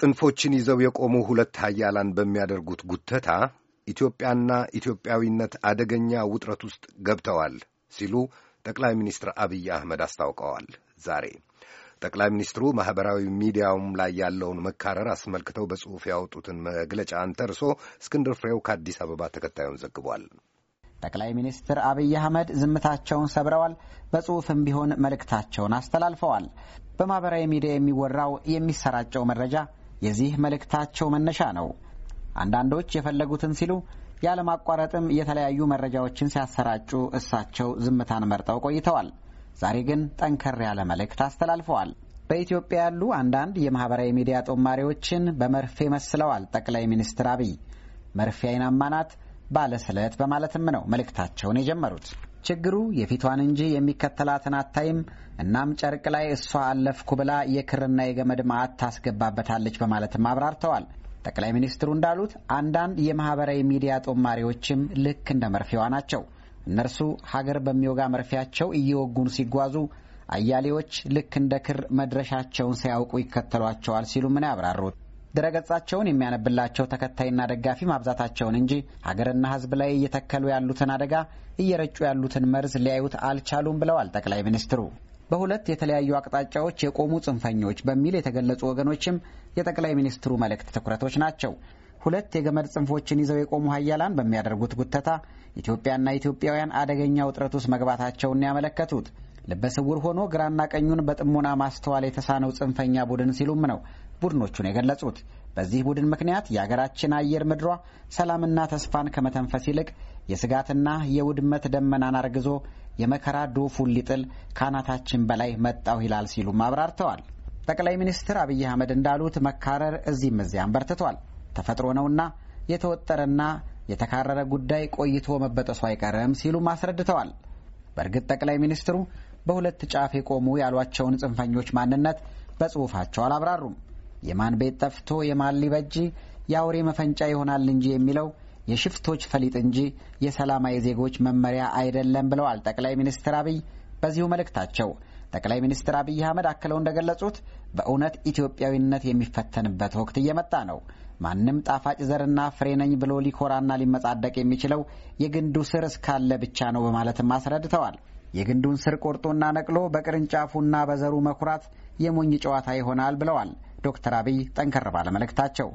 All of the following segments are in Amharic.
ጽንፎችን ይዘው የቆሙ ሁለት ኃያላን በሚያደርጉት ጉተታ ኢትዮጵያና ኢትዮጵያዊነት አደገኛ ውጥረት ውስጥ ገብተዋል ሲሉ ጠቅላይ ሚኒስትር አብይ አህመድ አስታውቀዋል ዛሬ ጠቅላይ ሚኒስትሩ ማኅበራዊ ሚዲያውም ላይ ያለውን መካረር አስመልክተው በጽሑፍ ያወጡትን መግለጫ አንተርሶ እስክንድር ፍሬው ከአዲስ አበባ ተከታዩን ዘግቧል። ጠቅላይ ሚኒስትር አብይ አህመድ ዝምታቸውን ሰብረዋል። በጽሑፍም ቢሆን መልእክታቸውን አስተላልፈዋል። በማኅበራዊ ሚዲያ የሚወራው የሚሰራጨው መረጃ የዚህ መልእክታቸው መነሻ ነው። አንዳንዶች የፈለጉትን ሲሉ ያለማቋረጥም የተለያዩ መረጃዎችን ሲያሰራጩ እሳቸው ዝምታን መርጠው ቆይተዋል። ዛሬ ግን ጠንከር ያለ መልእክት አስተላልፈዋል። በኢትዮጵያ ያሉ አንዳንድ የማህበራዊ ሚዲያ ጦማሪዎችን በመርፌ መስለዋል ጠቅላይ ሚኒስትር አብይ። መርፌ አይናማ ናት ባለስለት በማለትም ነው መልእክታቸውን የጀመሩት። ችግሩ የፊቷን እንጂ የሚከተላትን አታይም። እናም ጨርቅ ላይ እሷ አለፍኩ ብላ የክርና የገመድ ማዕት ታስገባበታለች በማለትም አብራርተዋል። ጠቅላይ ሚኒስትሩ እንዳሉት አንዳንድ የማህበራዊ ሚዲያ ጦማሪዎችም ልክ እንደ መርፌዋ ናቸው። እነርሱ ሀገር በሚወጋ መርፌያቸው እየወጉን ሲጓዙ አያሌዎች ልክ እንደ ክር መድረሻቸውን ሳያውቁ ይከተሏቸዋል ሲሉ ምን ያብራሩት ድረገጻቸውን የሚያነብላቸው ተከታይና ደጋፊ ማብዛታቸውን እንጂ ሀገርና ሕዝብ ላይ እየተከሉ ያሉትን አደጋ እየረጩ ያሉትን መርዝ ሊያዩት አልቻሉም ብለዋል ጠቅላይ ሚኒስትሩ። በሁለት የተለያዩ አቅጣጫዎች የቆሙ ጽንፈኞች በሚል የተገለጹ ወገኖችም የጠቅላይ ሚኒስትሩ መልእክት ትኩረቶች ናቸው። ሁለት የገመድ ጽንፎችን ይዘው የቆሙ ሀያላን በሚያደርጉት ጉተታ ኢትዮጵያና ኢትዮጵያውያን አደገኛ ውጥረት ውስጥ መግባታቸውን ያመለከቱት ልበስውር ሆኖ ግራና ቀኙን በጥሞና ማስተዋል የተሳነው ጽንፈኛ ቡድን ሲሉም ነው ቡድኖቹን የገለጹት። በዚህ ቡድን ምክንያት የአገራችን አየር ምድሯ ሰላምና ተስፋን ከመተንፈስ ይልቅ የስጋትና የውድመት ደመናን አርግዞ የመከራ ዶፉን ሊጥል ከአናታችን በላይ መጣው ይላል ሲሉም አብራርተዋል። ጠቅላይ ሚኒስትር አብይ አህመድ እንዳሉት መካረር እዚህም እዚያም በርትቷል። ተፈጥሮ ነውና የተወጠረና የተካረረ ጉዳይ ቆይቶ መበጠሱ አይቀርም ሲሉም አስረድተዋል። በእርግጥ ጠቅላይ ሚኒስትሩ በሁለት ጫፍ የቆሙ ያሏቸውን ጽንፈኞች ማንነት በጽሑፋቸው አላብራሩም። የማን ቤት ጠፍቶ የማን ሊበጅ የአውሬ መፈንጫ ይሆናል እንጂ የሚለው የሽፍቶች ፈሊጥ እንጂ የሰላማዊ ዜጎች መመሪያ አይደለም ብለዋል ጠቅላይ ሚኒስትር አብይ በዚሁ መልእክታቸው። ጠቅላይ ሚኒስትር አብይ አህመድ አክለው እንደገለጹት በእውነት ኢትዮጵያዊነት የሚፈተንበት ወቅት እየመጣ ነው። ማንም ጣፋጭ ዘርና ፍሬ ነኝ ብሎ ሊኮራና ሊመጻደቅ የሚችለው የግንዱ ስር እስካለ ብቻ ነው በማለትም አስረድተዋል። የግንዱን ስር ቆርጦና ነቅሎ በቅርንጫፉና በዘሩ መኩራት የሞኝ ጨዋታ ይሆናል ብለዋል። ዶክተር አብይ ጠንከር ባለ መልእክታቸው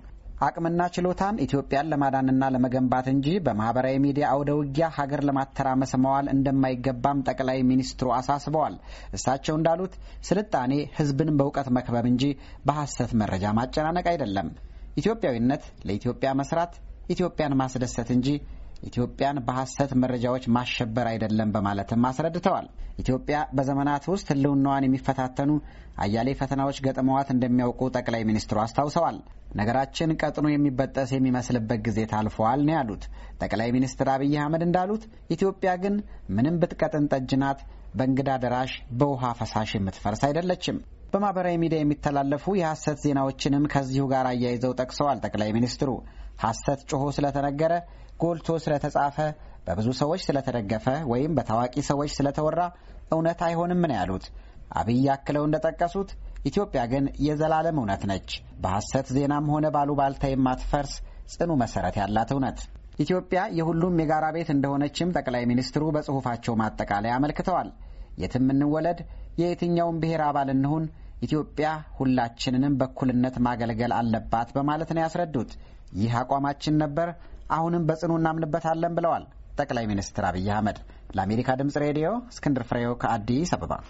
አቅምና ችሎታን ኢትዮጵያን ለማዳንና ለመገንባት እንጂ በማህበራዊ ሚዲያ አውደ ውጊያ ሀገር ለማተራመስ መዋል እንደማይገባም ጠቅላይ ሚኒስትሩ አሳስበዋል። እሳቸው እንዳሉት ስልጣኔ ሕዝብን በእውቀት መክበብ እንጂ በሐሰት መረጃ ማጨናነቅ አይደለም። ኢትዮጵያዊነት ለኢትዮጵያ መስራት፣ ኢትዮጵያን ማስደሰት እንጂ ኢትዮጵያን በሐሰት መረጃዎች ማሸበር አይደለም በማለትም አስረድተዋል። ኢትዮጵያ በዘመናት ውስጥ ሕልውናዋን የሚፈታተኑ አያሌ ፈተናዎች ገጥመዋት እንደሚያውቁ ጠቅላይ ሚኒስትሩ አስታውሰዋል። ነገራችን ቀጥኖ የሚበጠስ የሚመስልበት ጊዜ ታልፈዋል ነው ያሉት ጠቅላይ ሚኒስትር አብይ አህመድ እንዳሉት ኢትዮጵያ ግን ምንም ብትቀጥን ጠጅ ናት። በእንግዳ ደራሽ በውሃ ፈሳሽ የምትፈርስ አይደለችም። በማህበራዊ ሚዲያ የሚተላለፉ የሐሰት ዜናዎችንም ከዚሁ ጋር አያይዘው ጠቅሰዋል። ጠቅላይ ሚኒስትሩ ሐሰት ጮሆ ስለተነገረ ጎልቶ ስለተጻፈ በብዙ ሰዎች ስለተደገፈ ወይም በታዋቂ ሰዎች ስለተወራ እውነት አይሆንም ነው ያሉት። አብይ አክለው እንደጠቀሱት ኢትዮጵያ ግን የዘላለም እውነት ነች። በሐሰት ዜናም ሆነ ባሉባልታ የማትፈርስ ጽኑ መሰረት ያላት እውነት። ኢትዮጵያ የሁሉም የጋራ ቤት እንደሆነችም ጠቅላይ ሚኒስትሩ በጽሑፋቸው ማጠቃለያ አመልክተዋል። የትም እንወለድ፣ የየትኛውም ብሔር አባል እንሁን፣ ኢትዮጵያ ሁላችንንም በእኩልነት ማገልገል አለባት በማለት ነው ያስረዱት። ይህ አቋማችን ነበር አሁንም በጽኑ እናምንበታለን ብለዋል ጠቅላይ ሚኒስትር አብይ አህመድ። ለአሜሪካ ድምጽ ሬዲዮ እስክንድር ፍሬው ከአዲስ አበባ